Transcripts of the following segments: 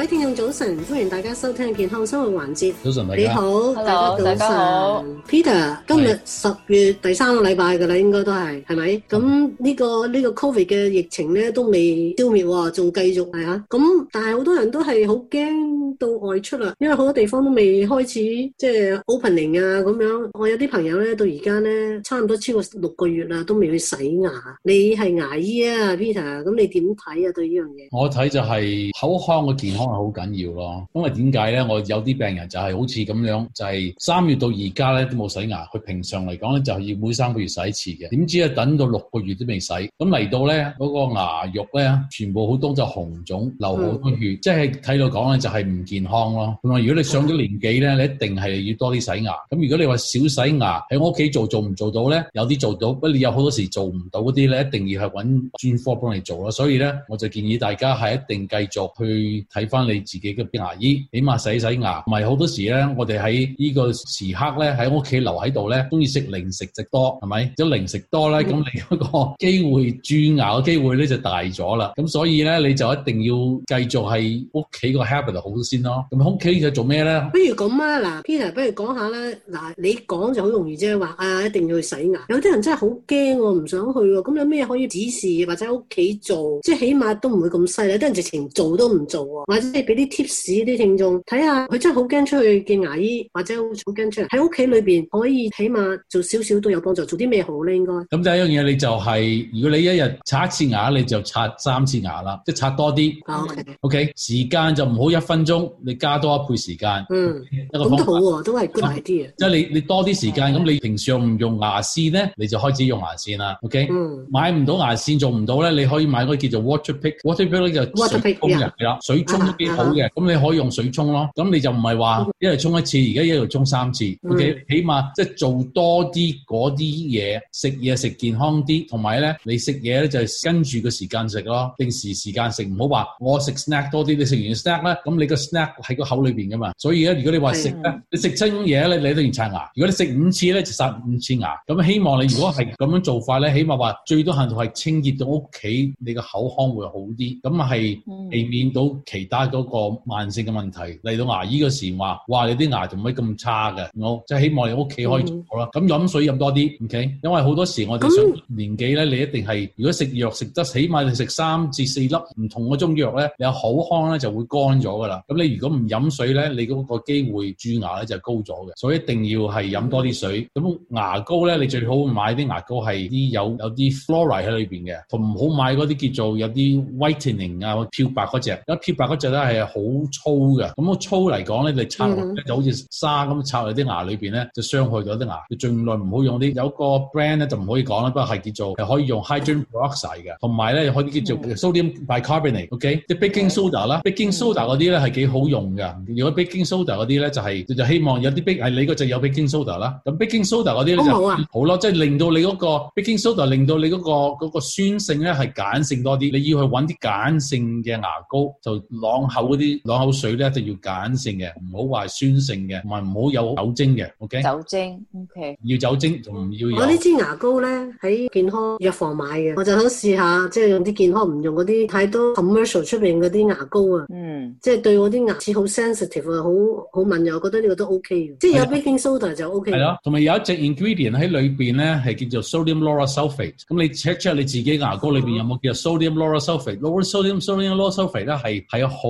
各位聽眾早晨，歡迎大家收聽健康生活環節。早晨，你好，Hello, 大家早上。Peter，今日十月第三個禮拜噶啦，應該都係，係咪？咁呢個呢個 Covid 嘅疫情咧，都未消滅，仲繼續係啊。咁但係好多人都係好驚到外出啦，因為好多地方都未開始即係、就是、opening 啊咁樣。我有啲朋友咧，到而家咧，差唔多超過六個月啦，都未去洗牙。你係牙醫啊，Peter，咁你點睇啊？對呢樣嘢，我睇就係口腔嘅健康。好緊要咯，因為點解咧？我有啲病人就係好似咁樣，就係、是、三月到而家咧都冇洗牙。佢平常嚟講咧，就係要每三個月洗一次嘅。點知啊，等到六個月都未洗，咁嚟到咧嗰、那個牙肉咧，全部好多就紅腫，流好多血，即係睇到講咧就係唔健康咯。咁啊，如果你上咗年紀咧，你一定係要多啲洗牙。咁如果你話少洗牙喺我屋企做做唔做到咧，有啲做到，不過你有好多時做唔到嗰啲咧，一定要係揾專科幫你做咯。所以咧，我就建議大家係一定繼續去睇翻。你自己嘅啲牙醫，起碼洗洗牙。唔係好多時咧，我哋喺呢個時刻咧，喺屋企留喺度咧，中意食零食就多，係咪？咁零食多咧，咁、嗯、你嗰個機會蛀牙嘅機會咧就大咗啦。咁所以咧，你就一定要繼續喺屋企個 habit 好先咯。咁屋企就做咩咧？不如咁啊，嗱，Peter，不如講下啦。嗱，你講就好容易啫，話啊，一定要去洗牙。有啲人真係好驚喎，唔想去喎。咁有咩可以指示或者喺屋企做？即係起碼都唔會咁犀利。啲人直情做都唔做喎，即係俾啲 tips 啲聽眾睇下，佢真係好驚出去嘅牙醫，或者好驚出嚟喺屋企裏面可以起碼做少少都有幫助。做啲咩好咧？應該咁第一樣嘢，你就係、是、如果你一日刷一次牙，你就刷三次牙啦，即係刷多啲。哦、o、okay. K，、okay? 時間就唔好一分鐘，你加多一倍時間。嗯，咁都好喎、啊，都係 good idea。即係你你多啲時間，咁的你平常唔用牙線咧？你就開始用牙線啦。O、okay? K，、嗯、買唔到牙線做唔到咧，你可以買嗰個叫做 water pick，water pick 就水沖嘅啦，啊、水好嘅，咁你可以用水沖咯。咁你就唔係話一日沖一次，而家一日沖三次。嗯、O.K.，起碼即係做多啲嗰啲嘢，食嘢食健康啲，同埋咧你食嘢咧就係跟住個時間食咯，定時時間食。唔好話我食 snack 多啲，你食完 snack 呢，咁你個 snack 喺個口裏面噶嘛。所以咧，如果你話食咧，你食親嘢咧，你都要刷牙。如果你食五次咧，就刷五次牙。咁希望你如果係咁樣做法咧， 起碼話最多限度係清潔到屋企你個口腔會好啲，咁係避免到其他。嗰個慢性嘅問題嚟到牙醫嗰時話，哇！你啲牙仲唔可以咁差嘅，我即係希望你屋企可以做好啦。咁飲、mm hmm. 水飲多啲，OK？因為好多時我哋上年紀咧，mm hmm. 你一定係如果食藥食得，起碼你食三至四粒唔同嗰種藥咧，你有口腔咧就會乾咗噶啦。咁你如果唔飲水咧，你嗰個機會蛀牙咧就高咗嘅。所以一定要係飲多啲水。咁、mm hmm. 牙膏咧，你最好買啲牙膏係啲有有啲 fluoride 喺裏邊嘅，同唔好買嗰啲叫做有啲 whitening 啊漂白嗰隻，一漂白隻咧。都係好粗嘅，咁粗嚟講咧，你插就好似砂咁插落啲牙裏面咧，就傷害咗啲牙。就儘量唔好用啲。有個 brand 咧就唔可以講啦，不過係叫做可以用 hydrogen peroxide 嘅，同埋咧可以叫做 sodium bicarbonate，OK？啲 baking soda 啦，baking、嗯、soda 嗰啲咧係幾、嗯、好用嘅。如果 baking soda 嗰啲咧就係、是、就希望有啲冰，係你嗰陣有 baking soda 啦。咁 baking soda 嗰啲咧就好啊，好咯，即係令到你嗰個 baking soda 令到你嗰、嗰個那個酸性咧係鹼性多啲。你要去揾啲鹼性嘅牙膏就攞。口啲攞口水咧，就要鹼性嘅，唔好話酸性嘅，同埋唔好有酒精嘅，OK？酒精，OK？要酒精同唔、嗯、要我呢支牙膏咧喺健康藥房買嘅，我就想試下，即、就、係、是、用啲健康，唔用嗰啲太多 commercial 出面嗰啲牙膏啊。嗯，即係對我啲牙齒好 sensitive 啊，好好敏感，我覺得呢個都 OK 嘅、嗯、即係有 baking soda 是的就 OK。係咯，同埋有一隻 ingredient 喺裏邊咧，係叫做 sodium laura sulfate。咁你 check check 你自己牙膏裏邊、嗯、有冇叫做 sodium laura sulfate laura sodium sodium laura sulfate 咧係係一好。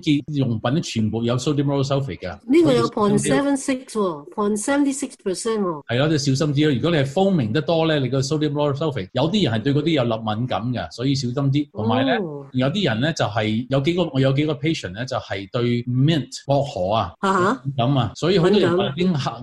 用品咧全部有 sodium laureth sulfate 嘅，呢個有 point seven six point seventy six percent 喎。係咯，即、哦、係小心啲咯。如果你係 foaming 得多咧，你個 sodium laureth sulfate 有啲人係對嗰啲有立敏感嘅，所以小心啲。同埋咧，有啲人咧就係、是、有幾個我有幾個 patient 咧就係對 mint 薄荷啊，咁啊哈有，所以好多人黑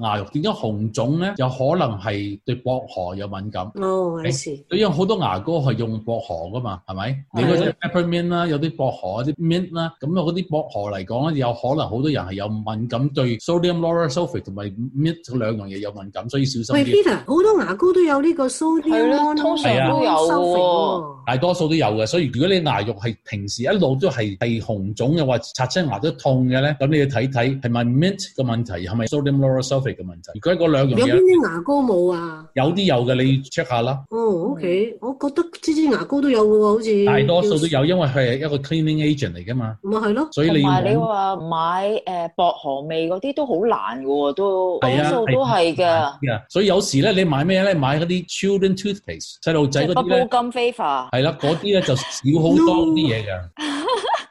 牙肉點解紅腫咧？有可能係對薄荷有敏感。哦，所以有時，因為好多牙膏係用薄荷噶嘛，係咪？的你嗰隻 peppermint 啦，有啲薄荷啊啲 mint 啦，咁啊嗰啲。有薄荷嚟講咧，有可能好多人係有敏感對 sodium lauryl sulfate 同埋 mint 兩樣嘢有敏感，所以小心。喂 Peter，好多牙膏都有呢個 sodium lauryl sulfate，係咯、啊，通常、啊、都有，大多數都有嘅，所以如果你牙肉係平時一路都係係紅腫嘅，或擦親牙都痛嘅咧，咁你要睇睇係咪 mint 嘅個問題，係咪 sodium lauryl sulfate 嘅問題？如果嗰兩樣有邊啲牙膏冇啊？有啲有嘅，你 check 下啦。哦，OK，我覺得支支牙膏都有嘅喎，好似大多數都有，因為佢係一個 cleaning agent 嚟噶嘛。咪係咯。同埋你話買誒薄荷味嗰啲都好難嘅喎，都多數、啊、都係嘅、啊啊。所以有時咧，你買咩咧？買嗰啲 children toothpaste 細路仔嗰啲。個寶金 flavor。係啦、啊，嗰啲咧就少好多啲嘢嘅。 no!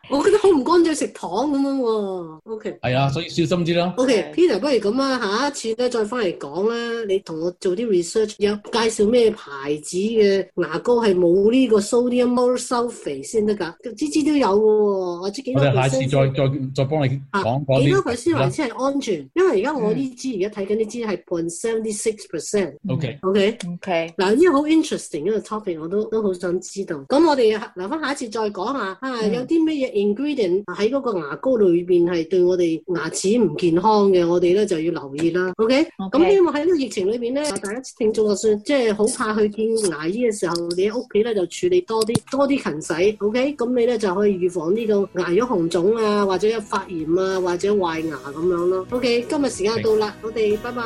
我覺得好唔乾淨，食糖咁樣喎。O K。係啊，所以小心啲啦。O、okay, K，Peter 不如咁啊，下一次咧再翻嚟講啦。你同我做啲 research，有介紹咩牌子嘅牙膏係冇呢個 sodium sulphate 先得㗎？支支都有嘅喎，或者幾多 percent？我下次再再再幫你講、啊、講啲。幾多佢先纔先係安全？嗯、因為而家我呢支而家睇緊呢支係 point seventy six percent。O K，O K，O K。嗱，呢個好 interesting 呢個 topic，我都都好想知道。咁我哋留翻下一次再講下。啊，嗯、有啲咩嘢？ingredient 喺嗰個牙膏裏邊係對我哋牙齒唔健康嘅，我哋咧就要留意啦。OK，咁希望喺呢個疫情裏邊咧，大家聽眾就算即係好怕去見牙醫嘅時候，你喺屋企咧就處理多啲，多啲勤洗。OK，咁你咧就可以預防呢個牙肉紅腫啊，或者有發炎啊，或者壞牙咁樣咯。OK，今日時間到啦，了我哋拜拜。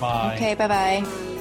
拜。Bye. OK，拜拜。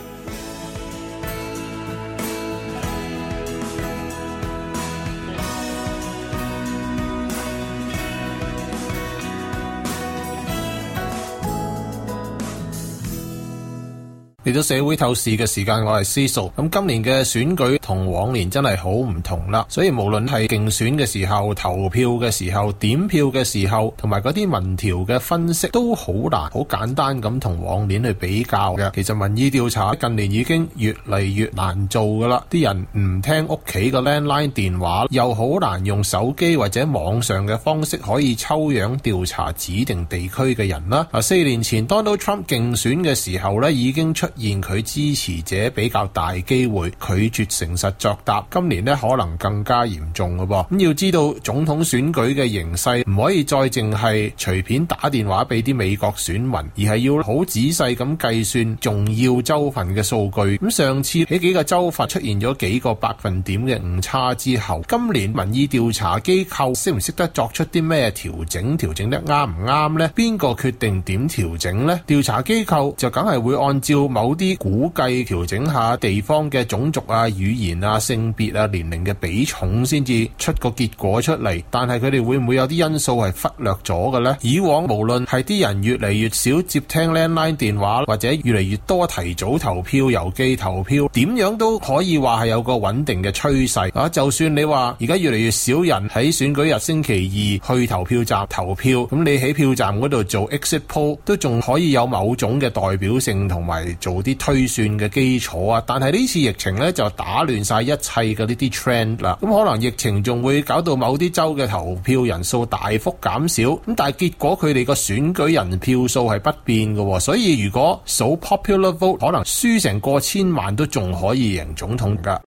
嚟到社會透視嘅時間，我係思索。咁今年嘅選舉同往年真係好唔同啦，所以無論係競選嘅時候、投票嘅時候、點票嘅時候，同埋嗰啲民調嘅分析都好難、好簡單咁同往年去比較嘅。其實民意調查近年已經越嚟越難做噶啦，啲人唔聽屋企嘅 landline 電話，又好難用手機或者網上嘅方式可以抽樣調查指定地區嘅人啦。啊，四年前 Donald Trump 競選嘅時候咧，已經出現佢支持者比較大機會拒絕誠實作答，今年呢可能更加嚴重㗎噃。咁要知道總統選舉嘅形勢唔可以再淨係隨便打電話俾啲美國選民，而係要好仔細咁計算重要州份嘅數據。咁上次喺幾個州份出現咗幾個百分點嘅誤差之後，今年民意調查機構識唔識得作出啲咩調整？調整得啱唔啱呢？邊個決定點調整呢？調查機構就梗係會按照。有啲估計調整下地方嘅種族啊、語言啊、性別啊、年齡嘅比重先至出個結果出嚟。但係佢哋會唔會有啲因素係忽略咗嘅呢？以往無論係啲人越嚟越少接聽 landline 電話，或者越嚟越多提早投票、郵寄投票，點樣都可以話係有個穩定嘅趨勢啊。就算你話而家越嚟越少人喺選舉日星期二去投票站投票，咁你喺票站嗰度做 exit poll 都仲可以有某種嘅代表性同埋，做啲推算嘅基礎啊，但係呢次疫情咧，就打亂晒一切嘅呢啲 trend 啦。咁可能疫情仲會搞到某啲州嘅投票人數大幅減少，咁但係結果佢哋個選舉人票數係不變嘅。所以如果數 popular vote 可能輸成過千萬都仲可以贏總統噶。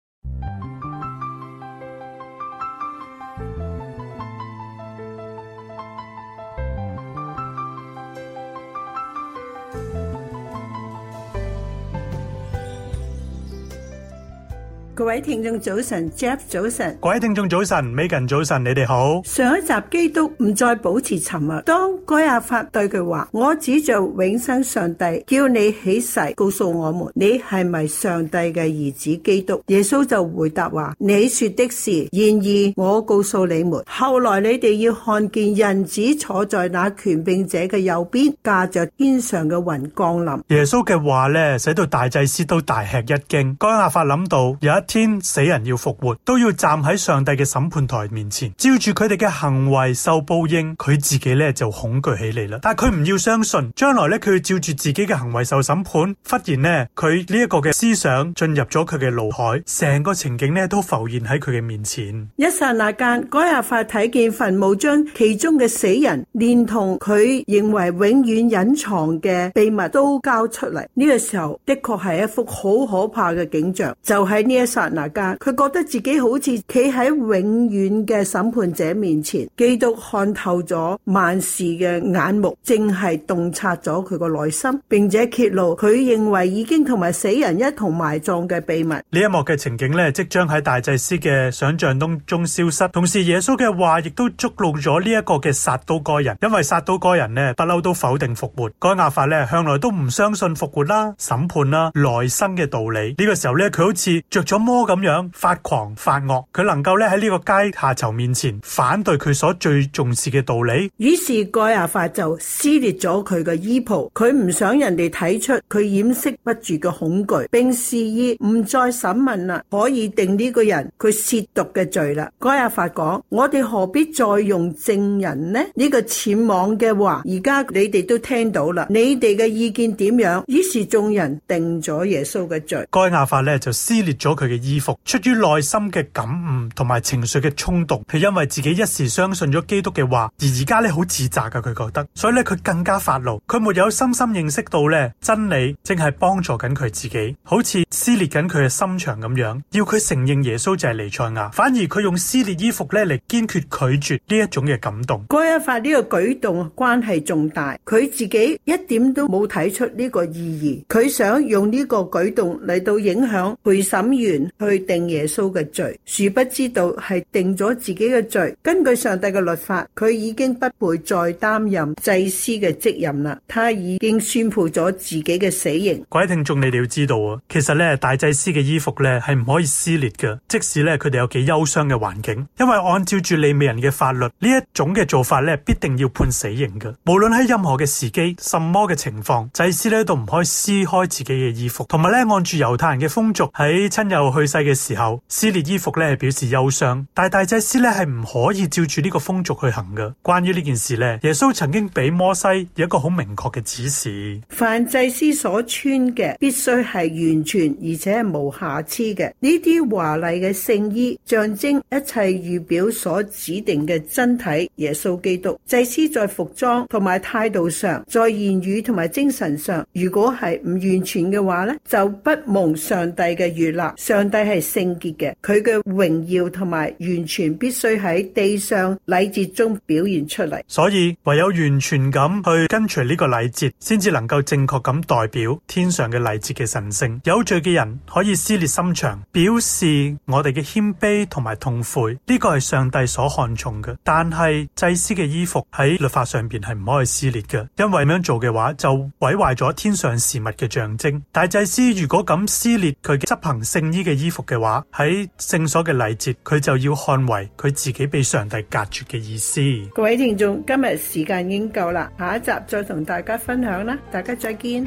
各位聽眾早晨，Jeff 早晨，各位聽眾早晨，Megan 早晨，你哋好。上一集基督唔再保持沉默，當該亞法對佢話：我指着永生上帝叫你起誓，告訴我們，你係咪上帝嘅兒子基督？耶穌就回答話：你說的是。然而我告訴你們，後來你哋要看見人子坐在那權柄者嘅右邊，駕着天上嘅雲降臨。耶穌嘅話咧，使到大祭司都大吃一驚。該亞法諗到，有一。天死人要復活，都要站喺上帝嘅審判台面前，照住佢哋嘅行為受報應。佢自己咧就恐懼起嚟啦。但係佢唔要相信，將來咧佢要照住自己嘅行為受審判。忽然咧，佢呢一個嘅思想進入咗佢嘅腦海，成個情景咧都浮現喺佢嘅面前。一剎那間，該亞法睇見墳墓將其中嘅死人，連同佢認為永遠隱藏嘅秘密都交出嚟。呢個時候的確係一幅好可怕嘅景象，就喺呢一剎。那間，佢覺得自己好似企喺永遠嘅審判者面前，基督看透咗萬事嘅眼目，正係洞察咗佢個內心，並且揭露佢認為已經同埋死人一同埋葬嘅秘密。呢一幕嘅情景呢，即將喺大祭司嘅想象當中消失。同時，耶穌嘅話亦都捉露咗呢一個嘅撒都該人，因為撒都該人呢，不嬲都否定復活。該亞法呢，向來都唔相信復活啦、審判啦、來生嘅道理。呢、這個時候呢，佢好似着咗。咁樣發狂發惡，佢能夠咧喺呢個階下囚面前反對佢所最重視嘅道理。於是該亞法就撕裂咗佢嘅衣袍，佢唔想人哋睇出佢掩飾不住嘅恐懼，并示意唔再審問啦，可以定呢個人佢褻瀆嘅罪啦。該亞法講：我哋何必再用證人呢？呢、這個僭妄嘅話，而家你哋都聽到啦，你哋嘅意見點樣？於是眾人定咗耶穌嘅罪。該亞法咧就撕裂咗佢。嘅衣服，出於內心嘅感悟同埋情緒嘅衝動，係因為自己一時相信咗基督嘅話，而而家咧好自責噶，佢覺得，所以咧佢更加發怒，佢沒有深深認識到咧真理正係幫助緊佢自己，好似撕裂緊佢嘅心腸咁樣，要佢承認耶穌就係彌賽亞，反而佢用撕裂衣服咧嚟堅決拒絕呢一種嘅感動。該亞法呢個舉動關係重大，佢自己一點都冇睇出呢個意義，佢想用呢個舉動嚟到影響陪審員。去定耶穌嘅罪，殊不知道係定咗自己嘅罪。根據上帝嘅律法，佢已經不會再擔任祭司嘅職任啦。他已經宣判咗自己嘅死刑。各位聽眾，你哋要知道啊，其實咧大祭司嘅衣服咧係唔可以撕裂嘅，即使咧佢哋有幾憂傷嘅環境，因為按照住利未人嘅法律，呢一種嘅做法咧必定要判死刑嘅。無論喺任何嘅時機、什麼嘅情況，祭司咧都唔可以撕開自己嘅衣服，同埋咧按住猶太人嘅風俗喺親友。去世嘅時候撕裂衣服咧，表示憂傷。但大祭司咧係唔可以照住呢個風俗去行嘅。關於呢件事咧，耶穌曾經俾摩西有一個好明確嘅指示，凡祭司所穿嘅必須係完全而且係無瑕疵嘅。呢啲華麗嘅聖衣象徵一切預表所指定嘅真體，耶穌基督。祭司在服裝同埋態度上，在言語同埋精神上，如果係唔完全嘅話咧，就不蒙上帝嘅悅納上。上帝係聖潔嘅，佢嘅榮耀同埋完全必須喺地上禮節中表現出嚟，所以唯有完全咁去跟隨呢個禮節，先至能夠正確咁代表天上嘅禮節嘅神聖。有罪嘅人可以撕裂心腸，表示我哋嘅謙卑同埋痛悔，呢個係上帝所看重嘅。但係祭司嘅衣服喺律法上邊係唔可以撕裂嘅，因為咁樣做嘅話就毀壞咗天上事物嘅象徵。大祭司如果咁撕裂佢嘅執行聖衣嘅嘅衣服嘅話，喺聖所嘅禮節，佢就要捍衛佢自己被上帝隔絕嘅意思。各位聽眾，今日時間已經夠啦，下一集再同大家分享啦，大家再見。